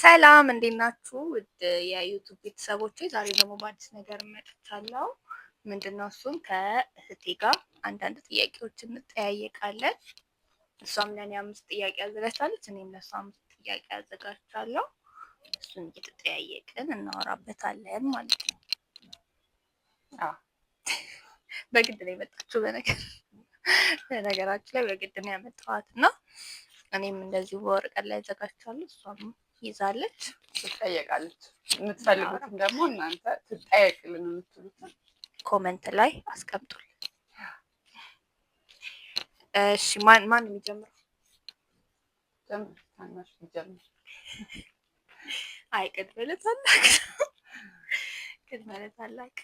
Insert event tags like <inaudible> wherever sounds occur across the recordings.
ሰላም እንዴት ናችሁ? ውድ የዩቱብ ቤተሰቦች፣ ዛሬ ደግሞ በአዲስ ነገር መጥቻለሁ። ምንድነው እሱም ከእህቴ ጋር አንዳንድ ጥያቄዎች እንጠያየቃለን። እሷም ለእኔ አምስት ጥያቄ አዘጋጅታለች፣ እኔም ለእሷ አምስት ጥያቄ አዘጋጅቻለሁ። እሱን እየተጠያየቅን እናወራበታለን ማለት ነው። በግድ ነው የመጣችሁ። በነገር በነገራችሁ ላይ በግድ ነው ያመጣኋት እና እኔም እንደዚህ በወረቀት ላይ አዘጋጅቻለሁ እሷም ይዛለች ትጠየቃለች። የምትፈልጉትም ደግሞ እናንተ ትጠየቅልን የምትሉትን ኮመንት ላይ አስቀምጡል? እሺ ማን ማን የሚጀምረው? አይ ቅድመ ለታላቅ ቅድመ ለታላቅ።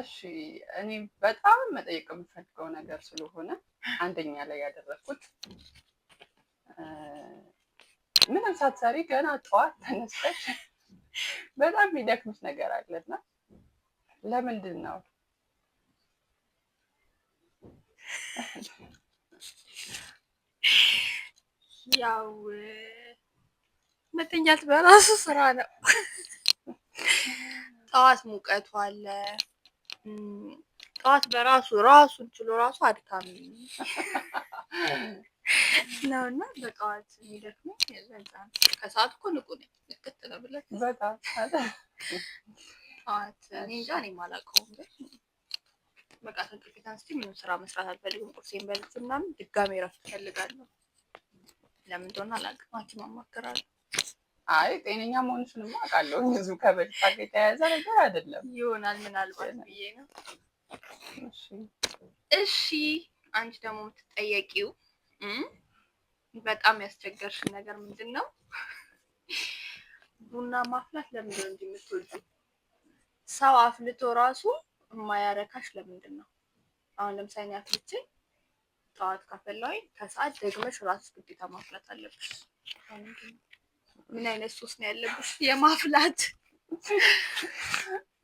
እሺ እኔ በጣም መጠየቅ የምፈልገው ነገር ስለሆነ አንደኛ ላይ ያደረኩት ምንም ሳትሰሪ ገና ጠዋት ተነስተሽ በጣም የሚደክምሽ ነገር አለና ለምንድን ነው ያው መተኛት በራሱ ስራ ነው። ጠዋት ሙቀቱ አለ። ጠዋት በራሱ ራሱን ችሎ ራሱ አድካሚ ነው እና በጠዋት የሚደክመኝ ከሰዓት እኮ ንቁ ነኝ። ንቅጥለ ብለት ጠዋት እኔ እንጃ እኔ አላውቀውም፣ ግን በቃ ከእንቅልፌ ተነስቼ ምንም ስራ መስራት አልፈልግም። ቁርሴን በልቼ ምናምን ድጋሜ እረፍት እፈልጋለሁ። ለምን እንደሆነ አላውቅም። ሐኪም አማክራለሁ። አይ ጤነኛ መሆንሽንማ አውቃለሁ። ብዙ ከበሽታ ጋር የተያያዘ ነገር አይደለም ይሆናል ምናልባት ብዬ ነው። እሺ አንቺ ደግሞ የምትጠየቂው በጣም ያስቸገርሽን ነገር ምንድን ነው? ቡና ማፍላት ለምንድን ነው የምትወጂው? ሰው አፍልቶ ራሱ የማያረካሽ ለምንድን ነው? አሁን ለምሳሌ አፍልቼ ጠዋት ካፈላዊ ከሰዓት ደግመሽ ራሱ ግዴታ ማፍላት አለብሽ። ምን አይነት ሱስ ነው ያለብሽ የማፍላት?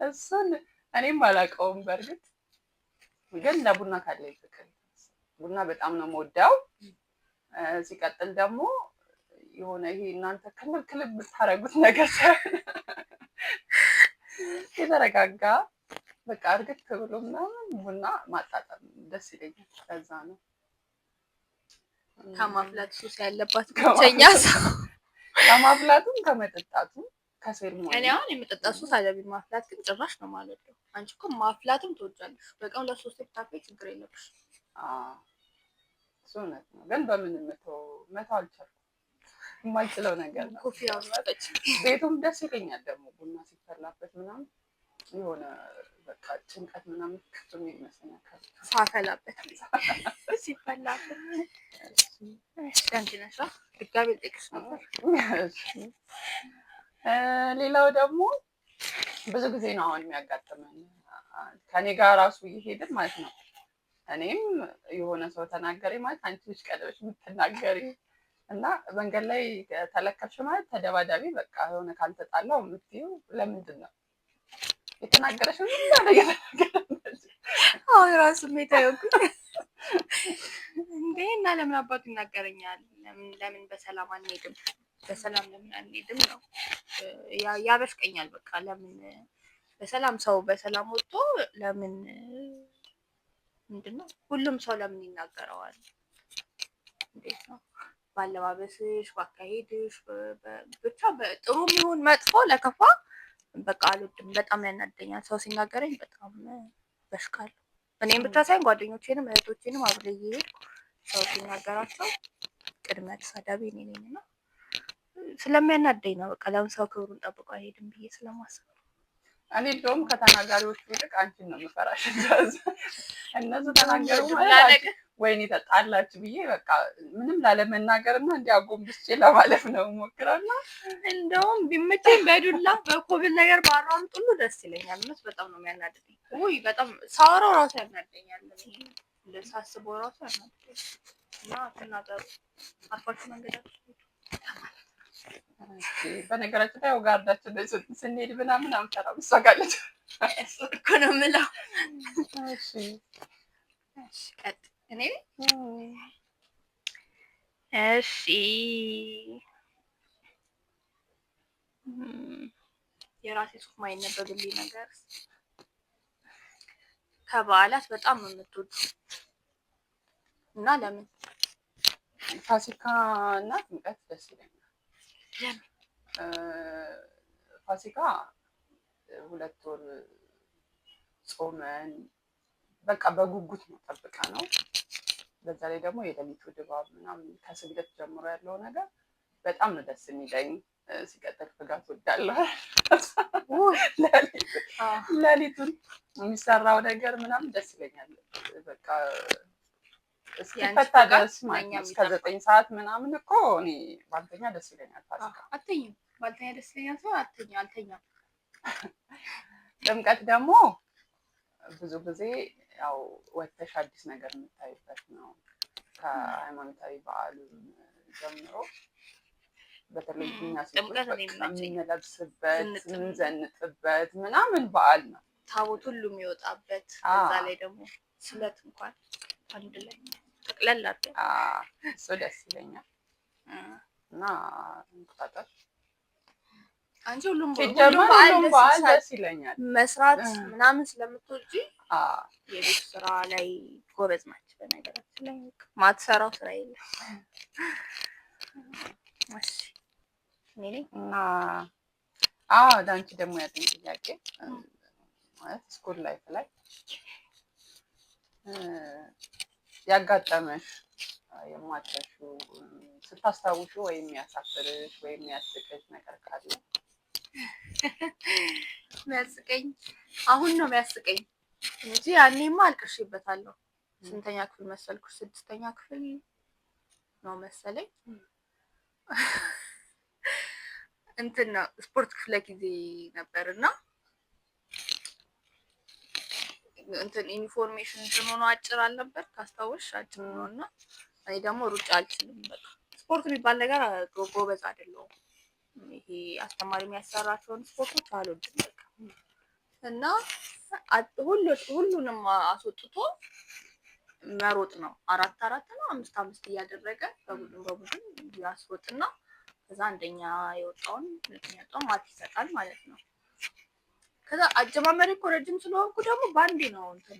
እሱን እኔም አላውቀውም። በእርግጥ ግን ለቡና ካለኝ ፍቅር ቡና በጣም ነው የምወደው። ሲቀጥል ደግሞ የሆነ ይሄ እናንተ ክልል ክልል የምታረጉት ነገር <laughs> የተረጋጋ በቃ እርግጥ ብሎ ምናምን ቡና ማጣጠም ደስ ይለኛል። ከዛ ነው ከማፍላት ሱስ ያለባት ብቸኛ ሰው <laughs> ከማፍላቱም ከመጠጣቱም ከሴርሞኒ እኔ አሁን የመጠጣት ሱስ አለብኝ። ማፍላት ግን ጭራሽ ነው ማለት ነው። አንቺ እኮ ማፍላትም ትወጃለሽ። በቀን ለሶስት ብታፈይ ችግር የለብሽ Ah. እሱ እውነት ነው፣ ግን በምንም መተው መተው አልቻልኩም። የማይችለው ነገር ነው። ቤቱም ደስ ይለኛል ደግሞ ቡና ሲፈላበት ምናምን የሆነ በቃ ጭንቀት ምናምን ይመስለኛል ሳፈላበት ሲፈላበት። ድጋሚ ነበር። ሌላው ደግሞ ብዙ ጊዜ ነው አሁን የሚያጋጥመን ከኔ ጋር ራሱ እየሄድን ማለት ነው እኔም የሆነ ሰው ተናገሪ ማለት አንቺ ልጅ ቀደበሽ የምትናገሪ እና መንገድ ላይ ተለከፍሽ ማለት ተደባዳቢ በቃ የሆነ ካልተጣላው የምትይው ለምንድን ነው የተናገረሽ? አሁን ራሱ ሜታ እንዴ እና ለምን አባቱ ይናገረኛል? ለምን በሰላም አንሄድም? በሰላም ለምን አንሄድም ነው ያበሽቀኛል። በቃ ለምን በሰላም ሰው በሰላም ወጥቶ ለምን ምንድነው ሁሉም ሰው ለምን ይናገረዋል? እንዴት ነው ባለባበስሽ፣ ባካሄድሽ፣ ብቻ ጥሩ የሚሆን መጥፎ ለከፋ በቃ አልወድም። በጣም ያናደኛል ሰው ሲናገረኝ፣ በጣም በሽቃል። እኔም ብቻ ሳይሆን ጓደኞቼንም እህቶቼንም አብሬ እየሄድኩ ሰው ሲናገራቸው ቅድሚያ ተሳዳቢ እኔ ነኝ እና ስለሚያናደኝ ነው። በቃ ለምን ሰው ክብሩን ጠብቆ አይሄድም ብዬ ስለማስብ እኔ እንደውም ከተናጋሪዎቹ ይልቅ አንቺን ነው የምፈራሽ። እነሱ ተናገሩ ማለት ወይኔ ተጣላች ብዬ በቃ ምንም ላለመናገርና እንዲ አጎንብስቼ ለማለፍ ነው ሞክራና እንደውም ቢመቸኝ በዱላ በኮብል ነገር ባሯም ጥሉ ደስ ይለኛል። እውነት በጣም ነው የሚያናድደኝ። ውይ በጣም ሳወራው ራሱ ያናደኛል። ሳስቦ ራሱ ያናደኛል። እና ትናገሩ አርፋችሁ መንገዳችሁ በነገራችን ላይ ጋርዳችን ላይ ስንሄድ ምናምን እኮ ነው የምለው። እሺ የራሴ ጽሑፍ ማይነበብልኝ ነገር ከበዓላት በጣም የምትወዱ እና ለምን ፋሲካ እና ጥምቀት ደስ ይለኛል። ፋሲካ ሁለት ወር ጾመን በቃ በጉጉት ነው ጠብቀ ነው። በዛ ላይ ደግሞ የሌሊቱ ድባብ ምናምን ከስግደት ጀምሮ ያለው ነገር በጣም ነው ደስ የሚለኝ። ሲቀጥል ፍጋት ወዳለሁ ሌሊቱን የሚሰራው ነገር ምናምን ደስ ይለኛል በቃ እስኪፈታ ማለት ሰዓት ምናምን እኮ እኔ ባልተኛ ደስ ይለኛል። ፋሲካ ባልተኛ ደስ ይለኛል። ሰው አልተኛ ጥምቀት ደግሞ ብዙ ጊዜ ያው ወተሽ አዲስ ነገር የምታይበት ነው። ከሃይማኖታዊ በዓሉ ጀምሮ በተለይ የምንለብስበት የምንዘንጥበት ምናምን በዓል ነው። ታቦት ሁሉ የሚወጣበት ከዛ ላይ ደግሞ ስለት እንኳን አንድ ላይ ጠቅለል አድርገን እሱ ደስ ይለኛል። እና እንቁጣጣሽ አንቺ ሁሉም ሁሉም በዓል ደስ ይለኛል። መስራት ምናምን ስለምትወጂ የቤት ስራ ላይ ጎበዝ ናች። በነገራችን ላይ ማትሰራው ስራ የለም። እና አዎ ለአንቺ ደግሞ ያለኝ ጥያቄ ማለት ስኩል ላይፍ ላይ ያጋጠመሽ የማጨሽው ስታስታውሹ ወይም የሚያሳፍርሽ ወይም የሚያስቅሽ ነገር ካለ የሚያስቀኝ አሁን ነው የሚያስቀኝ እንጂ ያኔማ አልቅሼበታለሁ። ስንተኛ ክፍል መሰልኩ ስድስተኛ ክፍል ነው መሰለኝ። እንትን ነው ስፖርት ክፍለ ጊዜ ነበር እና እንትን ኢንፎርሜሽን እንትን ሆኖ አጭር አልነበር ካስታወሽ አጭር ነው እና እኔ ደግሞ ሩጫ አልችልም። በቃ ስፖርት የሚባል ነገር ጎበዝ አይደለሁም። ይሄ አስተማሪ የሚያሰራቸውን ስፖርቶች አልወድም። በቃ እና ሁሉንም አስወጥቶ መሮጥ ነው። አራት አራት ነው አምስት አምስት እያደረገ በቡድን በቡድን ያስሮጥና ከዛ አንደኛ የወጣውን ሁለተኛ የወጣውን ማት ይሰጣል ማለት ነው። ከዛ አጀማመሪ እኮ ረጅም ስለሆንኩ ደግሞ በአንዴ ነው እንትን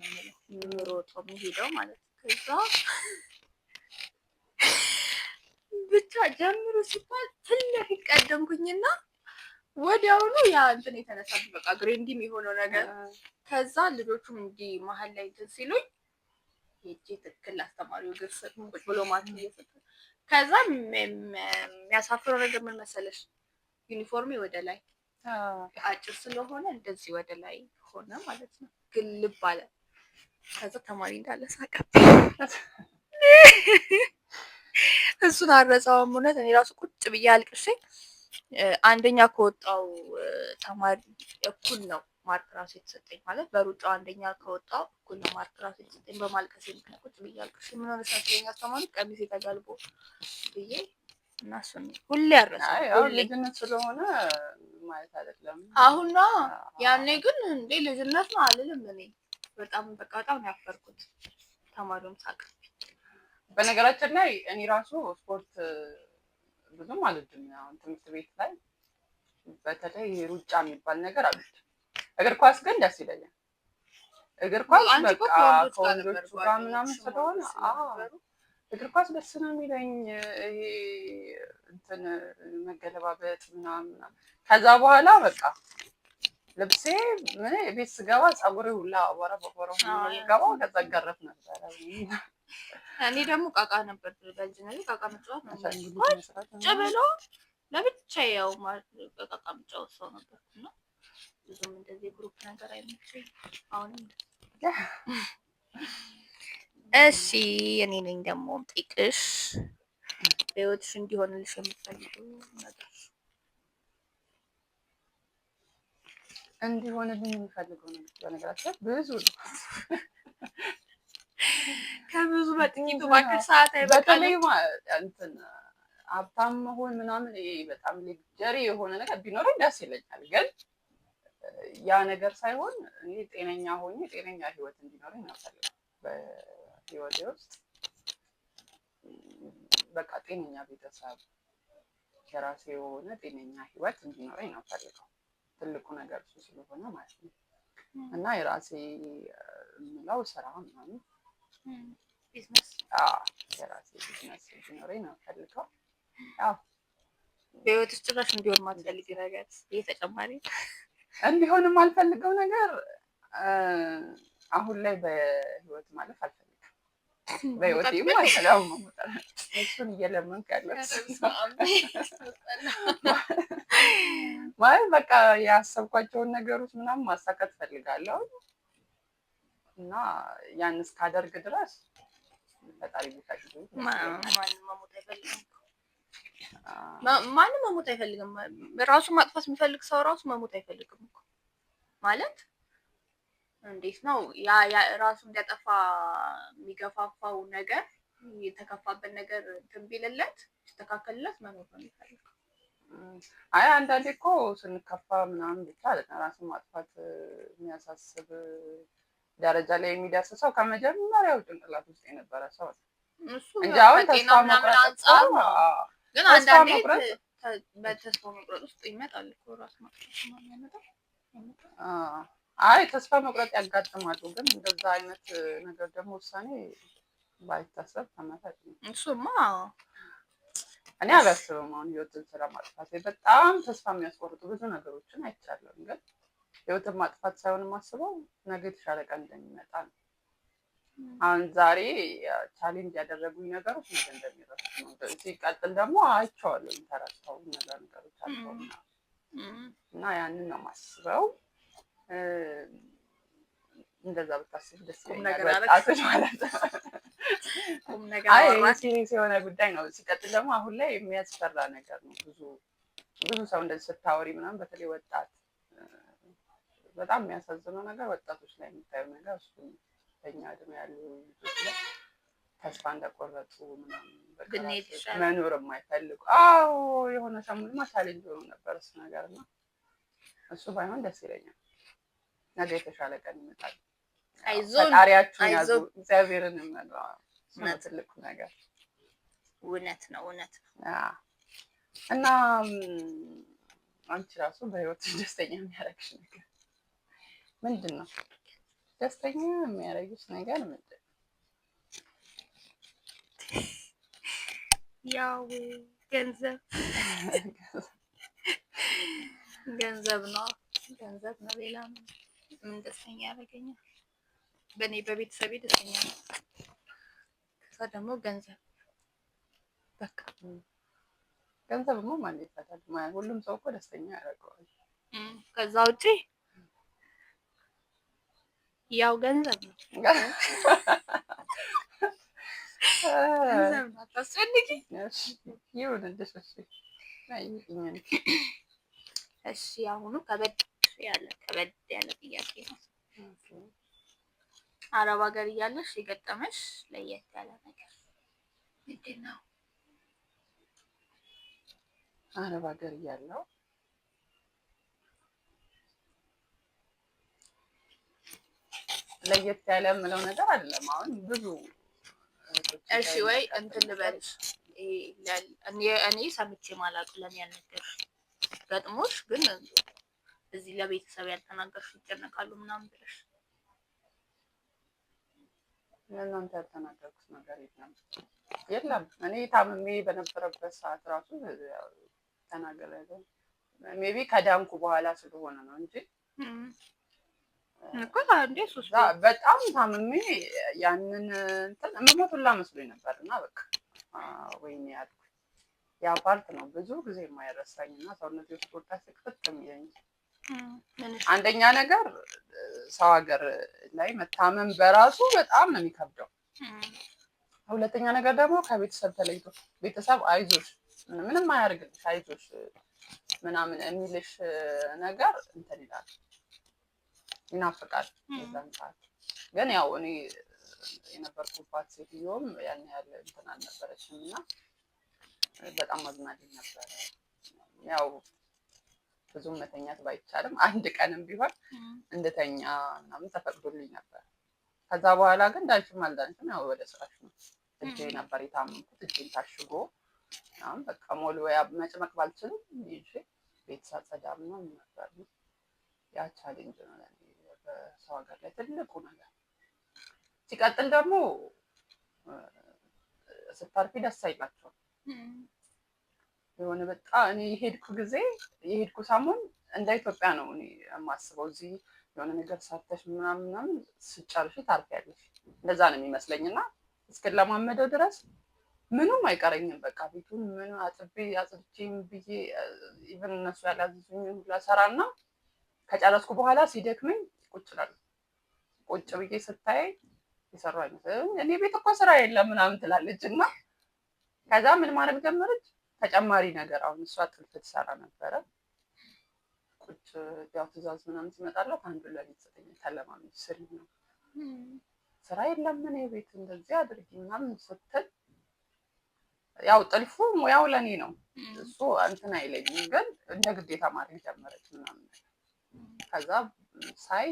የምሮጠው የምሄደው ማለት ነው። ከዛ ብቻ ጀምሮ ሲባል ትልቅ ቀደምኩኝና ወዲያውኑ ያ እንትን የተነሳብኝ በቃ ግሬንዲም የሆነው ነገር ከዛ ልጆቹም እንዲህ መሀል ላይ እንትን ሲሉኝ ሄጄ ትክክል አስተማሪው ግር ብሎ ማለት ነው። ከዛ የሚያሳፍረው ነገር ምን መሰለሽ ዩኒፎርሜ ወደ ላይ አጭር ስለሆነ እንደዚህ ወደ ላይ ሆነ ማለት ነው። ግልብ አለ። ከዛ ተማሪ እንዳለ ሳቀብኝ። እሱን አረጻውም እውነት እኔ ራሱ ቁጭ ብዬ አልቅሼ አንደኛ ከወጣው ተማሪ እኩል ነው ማርክ ራሱ የተሰጠኝ ማለት በሩጫው አንደኛ ከወጣው እኩል ነው ማርክ ራሱ የተሰጠኝ። በማልቀሴ ምክንያት ቁጭ ብዬ አልቅሼ ምን ሆነ ሳትለኝ አስተማሪ ቀሚሴ ተጋልቦ ብዬ እና እሱን ሁሌ ልጅነት ስለሆነ ማለት አይደለም። አሁን ያኔ ግን እንዴ ልጅነት ነው አልልም። እኔ በጣም በቃ በጣም ነው ያፈርኩት። ተማሪውም ሳቅ። በነገራችን ላይ እኔ ራሱ ስፖርት ብዙም አልወድም። አሁን ትምህርት ቤት ላይ በተለይ ሩጫ የሚባል ነገር አልወድም። እግር ኳስ ግን ደስ ይለኛል። እግር ኳስ በቃ ከወንዶቹ ጋር ምናምን ስለሆነ እግር ኳስ ደስ ነው የሚለኝ ይሄ እንትን መገለባበጥ ምናምን። ከዛ በኋላ በቃ ልብሴ ምን ቤት ስገባ ፀጉሬ ሁላ አቧራ በቧራ ገባው። ከዛ ገረፍ ነበረ። እኔ ደግሞ ቃቃ ነበር በልጅነቴ ቃቃ መጫወት ነበር። ብሎ ለብቻ ያው በቃቃ መጫወት ሰው ነበር እና ብዙም እንደዚህ ግሩፕ ነገር አይመቸኝም አሁንም <laughs> እሺ እኔ ነኝ ደግሞ ጥቅሽ በህይወትሽ እንዲሆንልሽ የምትፈልጊው ነገር እንዲሆንልኝ የሚፈልገው ነገር በነገራችን ብዙ ነው። <laughs> ከብዙ በጥቂቱ ባክር ሰዓት በተለይ እንትን ሀብታም መሆን ምናምን በጣም ሌጀሪ የሆነ ነገር ቢኖረኝ ደስ ይለኛል ግን ያ ነገር ሳይሆን እኔ ጤነኛ ሆኜ ጤነኛ ህይወት እንዲኖረኝ ነው ፈልገው ህይወቴ ውስጥ በቃ ጤነኛ ቤተሰብ የራሴ የሆነ ጤነኛ ህይወት እንዲኖረኝ ነው ፈልገው ትልቁ ነገር እሱ ስለሆነ ማለት ነው። እና የራሴ የምለው ስራ ምናምን የራሴ ቢዝነስ እንዲኖረኝ ነው ፈልገው። በህይወት ውስጥ ጭራሽ እንዲሆን ማትፈልግ ነገር ይህ ተጨማሪ እንዲሆን የማልፈልገው ነገር አሁን ላይ በህይወት ማለፍ አልፈልግም። <clears throat> በህይወቴ ማለት እሱን እየለመንክ ያለ <laughs> ማለት በቃ ያሰብኳቸውን ነገሮች ምናምን ማሳካት ፈልጋለሁ እና ያን እስካደርግ ድረስ ፈጣሪ ቦታ ማንም መሞት አይፈልግም። ራሱ ማጥፋት የሚፈልግ ሰው ራሱ መሞት አይፈልግም ማለት እንዴት ነው ራሱ እንዲያጠፋ የሚገፋፋው ነገር የተከፋበት ነገር እንትን ቢልለት ተስተካከልለት መኖር ነው የሚፈልገው። አይ አንዳንዴ እኮ ስንከፋ ምናምን ብቻ አለ ራሱን ማጥፋት የሚያሳስብ ደረጃ ላይ የሚደርስ ሰው ከመጀመሪያው ጭንቅላት ውስጥ የነበረ ሰው እንጂ አሁን ተስፋ መቁረጥ አንጻር ግን አንዳንዴ በተስፋ መቁረጥ ውስጥ ይመጣል እኮ ራሱ ማጥፋት አይ ተስፋ መቁረጥ ያጋጥማሉ። ግን እንደዛ አይነት ነገር ደግሞ ውሳኔ ባይታሰብ ተመራጭ ነው። እሱማ እኔ አላስብም። አሁን ህይወትን ስለማጥፋት በጣም ተስፋ የሚያስቆርጡ ብዙ ነገሮችን አይቻለም። ግን ህይወትን ማጥፋት ሳይሆን ማስበው ነገ የተሻለ ቀን እንደሚመጣ ነው። አሁን ዛሬ ቻሌንጅ ያደረጉኝ ነገሮች ነገ እንደሚረሱ ነው። ሲቀጥል ደግሞ አይቼዋለሁ፣ ተረሳው ነገር ነገሮች አልተውና እና ያንን ነው የማስበው እንደዛ ብታስብ ደስ ሲሪየስ <laughs> የሆነ ጉዳይ ነው። ሲቀጥል ደግሞ አሁን ላይ የሚያስፈራ ነገር ነው። ብዙ ብዙ ሰው እንደዚህ ስታወሪ ምናምን በተለይ ወጣት በጣም የሚያሳዝነው ነገር ወጣቶች ላይ የምታየው ነገር እሱ በኛ እድሜ ያሉ ልጆች ላይ ተስፋ እንደቆረጡ ምናምን መኖር የማይፈልጉ አዎ፣ የሆነ ሰሙንማ ቻሌንጅ ሆኖ ነበር እሱ ነገር እና እሱ ባይሆን ደስ ይለኛል። ነገ የተሻለ ቀን ይመጣል። ፈጣሪያችሁን ያዙ። እግዚአብሔርን እመኑ። ትልቁ ነገር እውነት ነው፣ እውነት ነው እና አንቺ ራሱ በህይወት ደስተኛ የሚያደርግሽ ነገር ምንድን ነው? ደስተኛ የሚያደርግሽ ነገር ምንድን ነው? ያው <laughs> ገንዘብ ገንዘብ ነው፣ ገንዘብ ነው። ሌላ ነው ምን ደስተኛ ያደርገኛል? በእኔ በቤተሰቤ ደስተኛ ነው። ከዛ ደግሞ ገንዘብ በቃ ገንዘብ ሞ ማን ይፈታል? ሁሉም ሰው እኮ ደስተኛ ያደርገዋል። ከዛ ውጪ ያው ገንዘብ ነው ገንዘብ አታስፈልጊ ይሁን እንደሸሽ እሺ። አሁኑ ከበድ ያለ ከበድ ያለ ጥያቄ ነው። አረብ ሀገር እያለሽ የገጠመሽ ለየት ያለ ነገር ምንድን ነው? አረብ ሀገር እያለው ለየት ያለ የምለው ነገር አይደለም። አሁን ብዙ እሺ፣ ወይ እንትን ልበልሽ፣ እኔ ሰምቼ ማላውቅ ለምን ገጥሞሽ ግን እዚህ ለቤተሰብ ያልተናገርሽ ይጨነቃሉ ምናምን ብለሽ ለእናንተ ያልተናገርኩት ነገር የለም የለም። እኔ ታምሜ በነበረበት ሰዓት ራሱ ተናገረ። ሜቢ ከዳንኩ በኋላ ስለሆነ ነው እንጂ በጣም ታምሜ ያንን እንትን መሞቱላ መስሎኝ ነበር እና በቃ ወይኔ ያልኩ ያ ፓርት ነው ብዙ ጊዜ የማይረሳኝ እና ሰውነት ውስጥ ወጣ ስቅፍት የሚለኝ አንደኛ ነገር ሰው ሀገር ላይ መታመም በራሱ በጣም ነው የሚከብደው። ሁለተኛ ነገር ደግሞ ከቤተሰብ ተለይቶ ቤተሰብ አይዞሽ፣ ምንም አያደርግልሽ፣ አይዞሽ ምናምን የሚልሽ ነገር እንትን ይላል፣ ይናፍቃል። ዛን ግን ያው እኔ የነበርኩባት ሴትዮም ያን ያህል እንትን አልነበረችም እና በጣም አዝናልኝ ነበረ ያው ብዙም መተኛት ባይቻልም አንድ ቀንም ቢሆን እንድተኛ ምናምን ተፈቅዶልኝ ነበር። ከዛ በኋላ ግን ዳንሽም አልዳንሽም ያው ወደ ስራሽ ነው። እጄ ነበር የታመምኩት። እጄን ታሽጎ ምናምን በቃ ሞል ወያ መጭመቅ ባልችልም ይዤ ቤት ሳጸዳ ምናምን ነበር። ያ ቻሌንጅ ነው በሰው ሀገር ላይ ትልቁ ነገር። ሲቀጥል ደግሞ ስታርፊ ደስ አይላቸውም። የሆነ በጣም እኔ የሄድኩ ጊዜ የሄድኩ ሳሙን እንደ ኢትዮጵያ ነው እኔ የማስበው። እዚህ የሆነ ነገር ሰርተሽ ምናምን ምናምን ስጨርሽ ታርፊያለሽ፣ እንደዛ ነው የሚመስለኝ። እና እስክለማመደው ድረስ ምኑም አይቀረኝም። በቃ ቤቱን ምን አጥቤ አጽድቼም ብዬ ኢቨን እነሱ ያላዘዙኝ ሁላ ሰራና ከጨረስኩ በኋላ ሲደክመኝ ቁጭ እላለሁ። ቁጭ ብዬ ስታይ የሰራኝ እኔ ቤት እኮ ስራ የለም ምናምን ትላለች እና ከዛ ምን ማድረግ ጀመረች ተጨማሪ ነገር አሁን እሷ ጥልፍ ትሰራ ነበረ። ቁጭ ያው ትእዛዝ ምናምን ሲመጣላት አንዱን ለቤት ዘጠኝ ተለማሚ ስሪ ነው ስራ የለም እኔ ቤት እንደዚህ አድርጊ ምናምን ስትል ያው ጥልፉ ሙያው ለእኔ ነው እሱ እንትን አይለኝም፣ ግን እንደ ግዴታ ማድረግ ጀመረች ምናምን። ከዛ ሳይ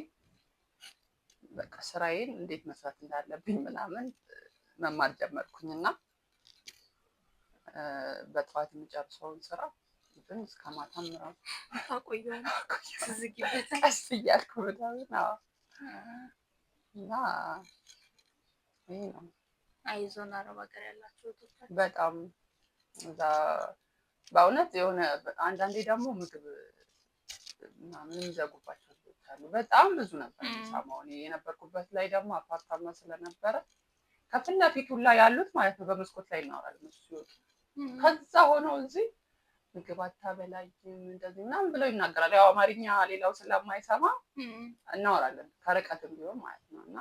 በቃ ስራዬን እንዴት መስራት እንዳለብኝ ምናምን መማር ጀመርኩኝና በጠዋት የሚጨርሰውን ስራ ግን እስከ ማታ ምራሱ አቆየዝጊበት እያልኩ ምናምን እና ይህ ነው። አይዞን አረብ ሀገር ያላችሁ በጣም እዛ በእውነት የሆነ አንዳንዴ ደግሞ ምግብ ምናምን የሚዘጉባቸው ልጆች አሉ። በጣም ብዙ ነበር ሳማው የነበርኩበት ላይ ደግሞ አፓርታማ ስለነበረ ከፊት ለፊቱ ላይ ያሉት ማለት ነው በመስኮት ላይ እናወራለን ሲወጡ ከዛ ሆነው እዚህ ምግብ አታበላይም እንደዚህ ምናምን ብለው ይናገራል። ያው አማርኛ ሌላው ስለማይሰማ እናወራለን ከርቀትም ቢሆን ማለት ነው። እና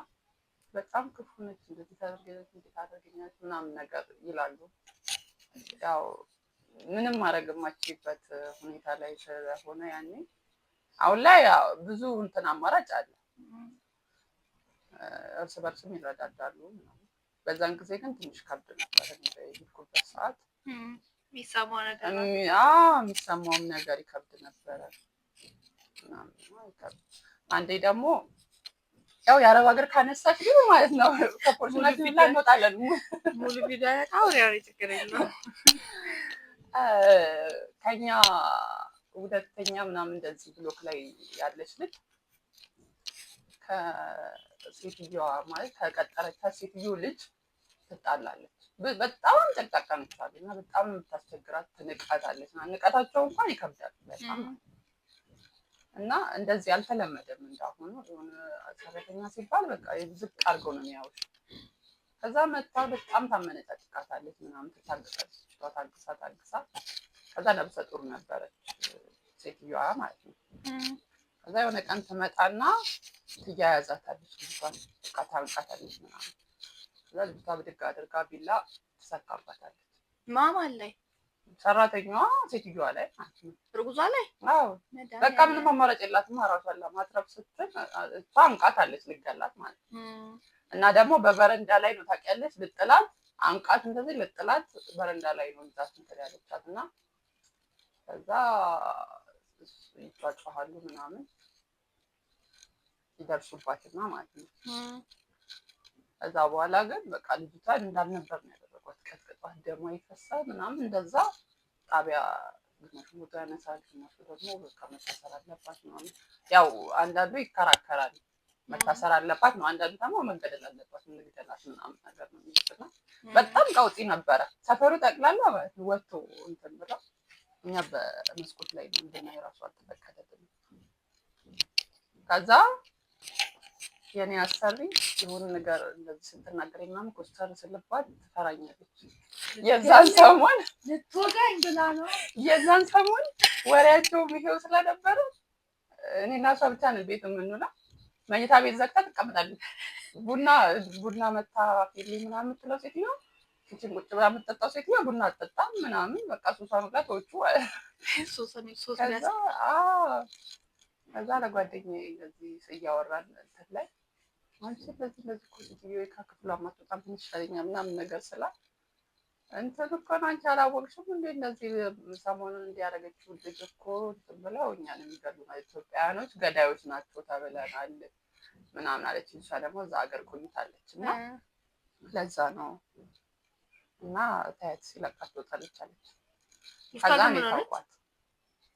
በጣም ክፉ ነች፣ እንደዚህ ታደርገች፣ እንዴት ታደርገኛለች ምናምን ነገር ይላሉ። ያው ምንም ማድረግ የማችበት ሁኔታ ላይ ስለሆነ ያኔ አሁን ላይ ብዙ እንትን አማራጭ አለ፣ እርስ በርስም ይረዳዳሉ። በዛን ጊዜ ግን ትንሽ ከብድ ነበር የሄድኩበት ሰዓት የሚሰማውም ነገር ይከብድ ነበረ። አንዴ ደግሞ ያው የአረብ ሀገር ካነሳሽ ግን ማለት ነው ከፖርሽናችን ላይ እንወጣለን። ሙሉ ቪዲዮ ችግር የለውም። ከኛ ሁለተኛ ምናምን እንደዚህ ብሎክ ላይ ያለች ልጅ ከሴትዮዋ ማለት ከቀጠረች ከሴትዮ ልጅ ትጣላለች። በጣም ጨቅጫቃ ነቻሉ እና በጣም የምታስቸግራት ትንቃታለች። እና ንቀታቸው እንኳን ይከብዳል በጣም እና እንደዚህ አልተለመደም እንዳሁኑ ሆነ ሰራተኛ ሲባል በቃ ዝቅ አድርገው ነው የሚያዩት። ከዛ መታ በጣም ታመነጫጭቃታለች ምናምን ትታግሳለች። ታግሳ ታግሳ ከዛ ነብሰ ጡር ነበረች ሴትዮዋ ማለት ነው። ከዛ የሆነ ቀን ትመጣና ትያያዛታለች፣ ልጅቷን ታንቃታለች ምናምን ብላ ልጅቷ ብድግ አድርጋ ቢላ ትሰካባታለች። ማማን ላይ ሰራተኛዋ ሴትዮዋ ላይ እርጉዟ ላይ በቃ ምንም አማራጭ የላትም። ራሷን ለማትረፍ ስትል እሷ አንቃታለች ልገላት ማለት እና ደግሞ በበረንዳ ላይ ነው ታውቂያለች። ልጥላት አንቃት እንደዚህ ልጥላት በረንዳ ላይ ነው ይዛት እንትን ያለቻት እና ከዛ ይጫጫሃሉ ምናምን ይደርሱባትና ማለት ነው ከዛ በኋላ ግን በቃ ልጅቷ እንዳልነበር ነው ያደረጓት። ቀጥቅጧት ደግሞ ይፈሳል ምናምን እንደዛ ጣቢያ ግማሽ ሞቶ ያነሳል፣ ግማሹ ደግሞ በቃ መታሰር አለባት ያው አንዳንዱ ይከራከራል መታሰር አለባት ነው፣ አንዳንዱ ደግሞ መገደል አለባት እንግደላት ምናምን ነገር ነው በጣም ቀውጢ ነበረ ሰፈሩ ጠቅላላ ማለት ወጥቶ እንትን ብለው እኛ በመስኮት ላይ ምንድና የራሱ አልተፈቀደልንም ከዛ የኔ አሳቢ ይሁን ነገር እንደዚህ ስትናገር ምናምን ኮስተር ስልባት ትፈራኛለች። የዛን ሰሞን ነው። የዛን ሰሞን ወሬያቸውም ይሄው ስለነበረ እኔና እሷ ብቻ ነን ቤት የምንውለው። መኝታ ቤት ዘግታ ትቀምጣለች። ቡና ቡና መታ ፊልም ምናምን የምትለው ሴትዮ ኪችን ቁጭ ብላ የምትጠጣው ሴትዮ ቡና አትጠጣም ምናምን በቃ ሱሳ መብላት ወጩ ከዛ ለጓደኛዬ እንደዚህ እያወራን እንትን ላይ አንቺ በዚህ በዚህ ቁጭ ብዬ ከክፍሉ አማጣጣም ትንሽ ፈለኛ ምናምን ነገር ስላት እንትን እኮ ነው አንቺ አላወቅሽም እንዴ? እነዚህ ሰሞኑን እንዲያደረገችው ልጅ እኮ እንትን ብለው እኛን የሚገሉ ኢትዮጵያውያኖች ገዳዮች ናቸው ተብለናል ምናምን አለች። እሷ ደግሞ እዛ ሀገር ቆይታለች እና ለዛ ነው እና ታያት ሲለቃት ትወጣለች አለች። ከዛ ነው የታውቋት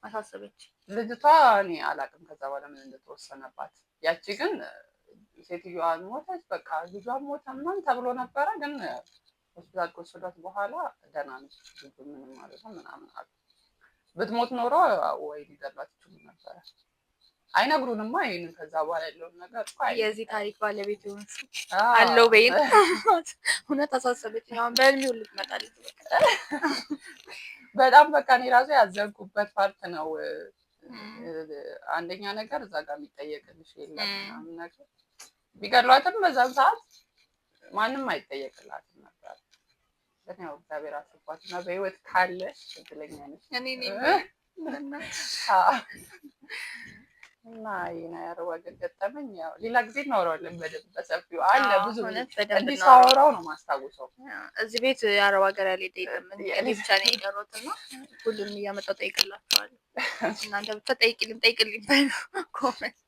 አሳሰበች ልጅቷ። እኔ አላቅም ከዛ በኋላ ምን እንደተወሰነባት ያቺ ግን ሴትዮዋ ሞተች፣ በቃ ልጇ ሞተ ምናምን ተብሎ ነበረ። ግን ሆስፒታል ከወሰዷት በኋላ ደህና ነች፣ ልጁ ምንም ማለት ነው ምናምን አሉ። ብትሞት ኖሮ ወይ ሊገሏት ይችሉ ነበረ። አይነግሩንማ ይህንን። ከዛ በኋላ ያለውን ነገር የዚህ ታሪክ ባለቤት ሆን አለው በይን <laughs> እውነት አሳሰበች። ሁን በህልሜ ሁሉ ትመጣለች። በጣም በቃ እኔ ራሱ ያዘንኩበት ፓርት ነው። አንደኛ ነገር እዛ ጋር የሚጠየቅልሽ የለም ምናምን ነገር ቢገድሏትም በዛም ሰዓት ማንም አይጠየቅላትም ነበር። ግን ያው እግዚአብሔር አስቧት እና በህይወት ካለ እድለኛ ነሽ። እና የናያር ዋገር ገጠመኝ ያው ሌላ ጊዜ እናወራዋለን በደንብ በሰፊው አለ ብዙ እንዲህ ሳወራው ነው ማስታውሰው። እዚህ ቤት የአረብ ሀገር ያልሄደ የለም። ብቻ ነው የቀረሁት እና ሁሉንም እያመጣው ጠይቅላቸዋለሁ። እናንተ ብቻ ጠይቅልኝ ጠይቅልኝ በሉ ኮመንት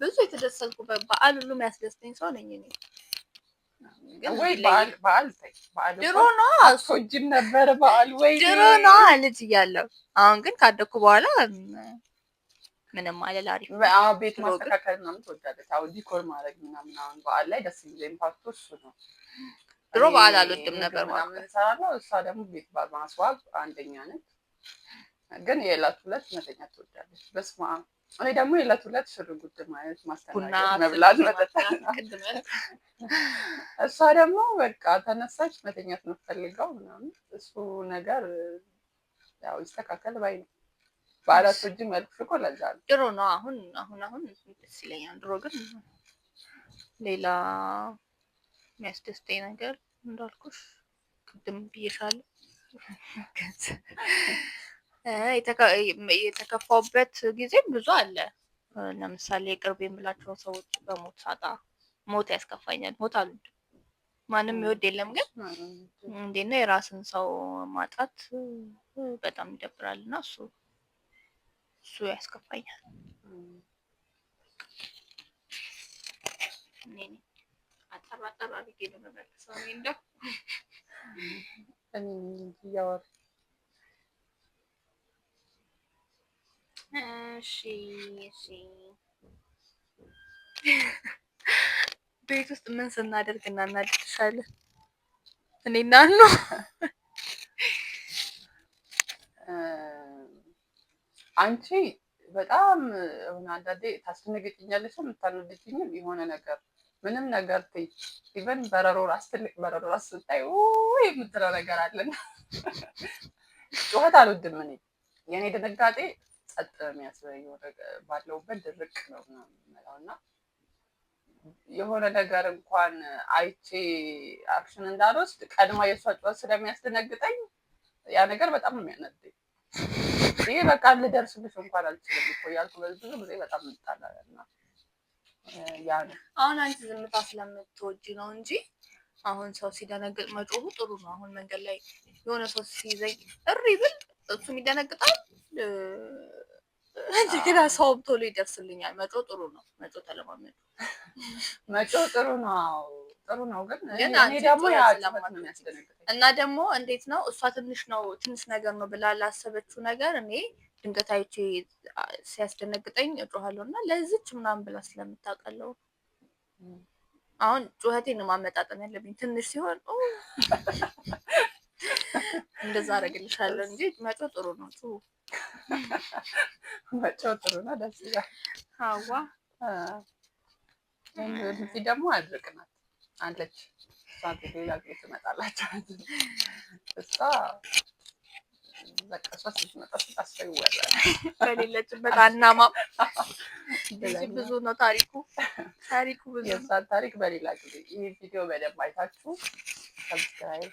ብዙ የተደሰትኩበት በዓል ሁሉም ያስደስተኝ ሰው ነኝ እኔ። ወይ በዓል በዓል ድሮ ነዋ ሶጅም ነበር በዓል ወይ ድሮ ነዋ ልጅ እያለሁ። አሁን ግን ካደኩ በኋላ ምንም አለል አሪፍ ቤት ማስተካከል ምናምን ትወዳለች። አሁን ዲኮር ማድረግ ምናምን አሁን በዓል ላይ ደስ የሚለኝ ፓርቱ እሱ ነው። ድሮ በዓል አልወድም ነበር ምናምን እሰራለሁ። እሷ ደግሞ ቤት ማስዋብ አንደኛ ነች። ግን የላት ሁለት መተኛ ትወዳለች። በስመ አብ እኔ ደግሞ የዕለት ሁለት ሽርጉድ ማየት ማስተናገድ፣ መብላት፣ መጠጣት። <laughs> እሷ ደግሞ በቃ ተነሳች መተኛት ነው ፈልገው ምናምን እሱ ነገር ያው ይስተካከል ባይ ነው። በአራቱ እጅ መልክ ሽኮ ለዛ ነው ድሮ ነው አሁን አሁን አሁን ደስ ይለኛል። ድሮ ግን ሌላ የሚያስደስተኝ ነገር እንዳልኩሽ ቅድም ብዬሻለሁ የተከፋውበት ጊዜ ብዙ አለ። ለምሳሌ የቅርብ የምላቸውን ሰዎች በሞት ሳጣ ሞት ያስከፋኛል። ሞት አሉ ማንም ይወድ የለም ግን እንዴት ነው የራስን ሰው ማጣት በጣም ይደብራል። እና እሱ እሱ ያስከፋኛል። አጠር አጠር አድርጌ ነው የምመልሰው እኔ እንደው እሺ፣ እሺ። ቤት ውስጥ ምን ስናደርግ እናናድድሻለን? እኔና ነው አንቺ በጣም ሆነ አንዳንዴ ታስደነግጭኛለሽ፣ የምታናድጅኝም የሆነ ነገር ምንም ነገር ትይ ኢቨን በረሮ ራስ ትልቅ በረሮ ራስ ስታይ የምትለው ነገር አለን። <laughs> ጩኸት አልወድም እኔ የእኔ ድንጋጤ ጸጥ ነው የሚያስበኝ። ባለውበት ድርቅ ነው ምለው እና የሆነ ነገር እንኳን አይቼ አክሽን እንዳልወስድ ቀድማ የእሷ ጩኸት ስለሚያስደነግጠኝ ያ ነገር በጣም ነው የሚያነደኝ። ይህ በቃ ልደርስልሽ እንኳን አልችልም እኮ እያልኩ ብዙ ጊዜ በጣም እንጣላለን። ያ ነው አሁን አንቺ ዝምታ ስለምትወጂ ነው እንጂ አሁን ሰው ሲደነግጥ መጮሁ ጥሩ ነው። አሁን መንገድ ላይ የሆነ ሰው ሲይዘኝ እሪ ብል እሱም ይደነግጣል። እንደገና ሰውም ቶሎ ይደርስልኛል። መጮ ጥሩ ነው። መጮ ተለማመዱ። መጮ ጥሩ ነው፣ ጥሩ ነው። ግን እኔ ደግሞ እና ደግሞ እንዴት ነው እሷ ትንሽ ነው ትንሽ ነገር ነው ብላ ላሰበችው ነገር እኔ ድንገት አይቼ ሲያስደነግጠኝ እጮኋለሁ እና ለዚች ምናምን ብላ ስለምታውቀለው አሁን ጩኸቴን ማመጣጠን ያለብኝ ትንሽ ሲሆን <laughs> እንደዛ አደርግልሻለሁ እንጂ መጮህ ጥሩ ነው። ጩሁ መጮህ ጥሩ ነው። ደስ ይላል። አዋ እዚህ ደግሞ አድርቅ ናት አለች። እሷ ሌላ ጊዜ ትመጣላችሁ። እሷ በቃ በሌለችበት አናማም ብዙ ነው ታሪኩ ታሪኩ ብዙ ታሪክ በሌላ ጊዜ ይህ ቪዲዮ በደንብ አይታችሁ ሰብስክራይብ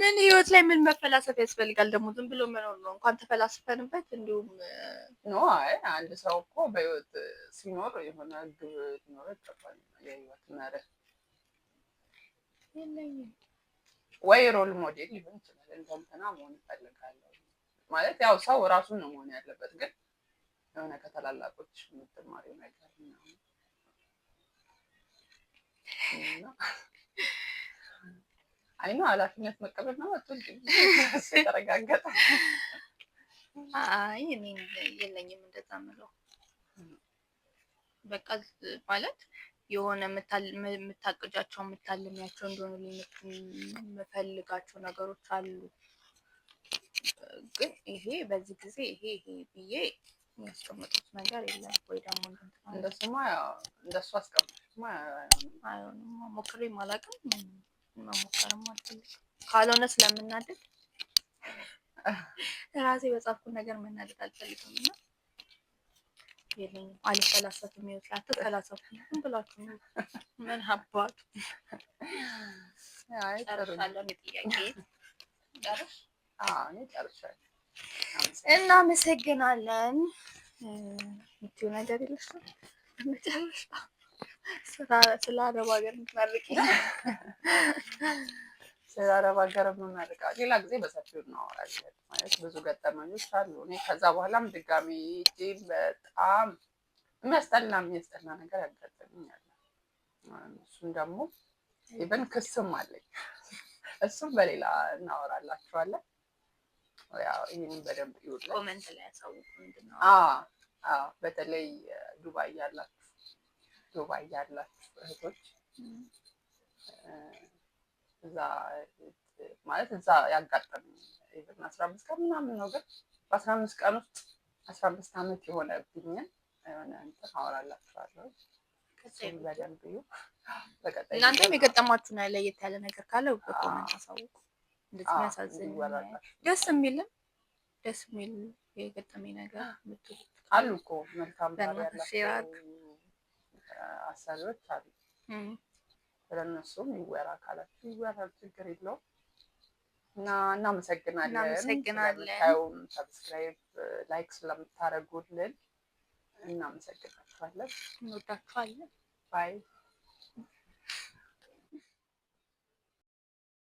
ምን ህይወት ላይ ምን መፈላሰፍ ያስፈልጋል? ደግሞ ዝም ብሎ መኖር ነው። እንኳን ተፈላስፈንበት። እንዲሁም ኖ አይ አንድ ሰው እኮ በህይወት ሲኖር የሆነ ግብ ሊኖረ ይገባል። የህይወት መርህ ወይ ሮል ሞዴል ሊሆን ይችላል። እንደምትና መሆን ይፈልጋለሁ ማለት ያው ሰው ራሱን ነው መሆን ያለበት፣ ግን የሆነ ከታላላቆች የምትማሪው ነገር ነው። አይ ነው ኃላፊነት መቀበል ነው ወጥቶ <laughs> ተረጋገጠ። አይ እኔ የለኝም እንደዛ ምለው በቃ ማለት የሆነ የምታቅጃቸው የምታልሚያቸው እንደሆኑ የምፈልጋቸው ነገሮች አሉ። ግን ይሄ በዚህ ጊዜ ይሄ ይሄ ብዬ የሚያስቀምጡት ነገር የለም ወይ ደግሞ እንደሱማ እንደሱ አስቀምጡት ሞክሬ አላውቅም። መሞከርም አልፈልግም። ካልሆነ ስለምናደድ ራሴ በጻፍኩት ነገር መናደድ አልፈልግም እና የለኝም አልፈላሰፍም። ይኸው አትፈላሰፉ ዝም ብላችሁ ምን አባቱ ጨርሳለሁ። ጥያቄ የምትይው ነገር የለሽም? መጨረሻ ስለ አረብ ሀገር ምትመርቂ? ስለ አረብ ሀገር ምመርቃ ሌላ ጊዜ በሰፊው እናወራለን። ማለት ብዙ ገጠመኞች አሉ። እኔ ከዛ በኋላም ድጋሚ ሄጄ በጣም የሚያስጠላ የሚያስጠላ ነገር ያጋጠመኛል። እሱም ደግሞ ኢቨን ክስም አለኝ። እሱም በሌላ እናወራላችኋለን። ይህን በደንብ ይውላል። በተለይ ዱባይ ያላችሁ ዱባይ ያላችሁ እህቶች እዛ ማለት እዛ ያጋጠም ኢቨን አስራ አምስት ቀን ምናምን ነው፣ ግን በአስራ አምስት ቀን ውስጥ አስራ አምስት ዓመት የሆነብኝን የሆነ እንትን አወራላችኋለሁ። በደንብ እናንተም የገጠማችሁ ለየት ያለ ነገር ካለ በኮመንት አሳውቁ። ደስ የሚልም ደስ የሚል የገጠመኝ ነገር አሉ እኮ መልካም አሰሪዎች አሉ። ስለነሱም ይወራ ካላችሁ ይወራል፣ ችግር የለው እና እናመሰግናለን። ሰብስክራይብ፣ ላይክ ስለምታደርጉልን እናመሰግናችኋለን። እንወዳችኋለን። ባይ